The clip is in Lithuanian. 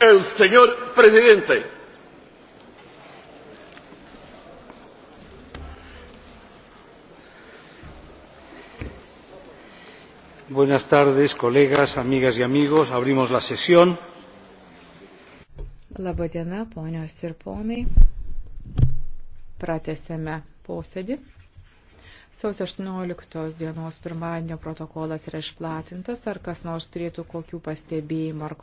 el señor presidente. Buenas tardes, colegas, amigas y amigos. Abrimos la sesión. Labą dieną, ponios ir ponai. Pratesėme posėdį. Sausio 18 dienos pirmadienio protokolas yra išplatintas, ar kas nors turėtų kokių pastebėjimų ar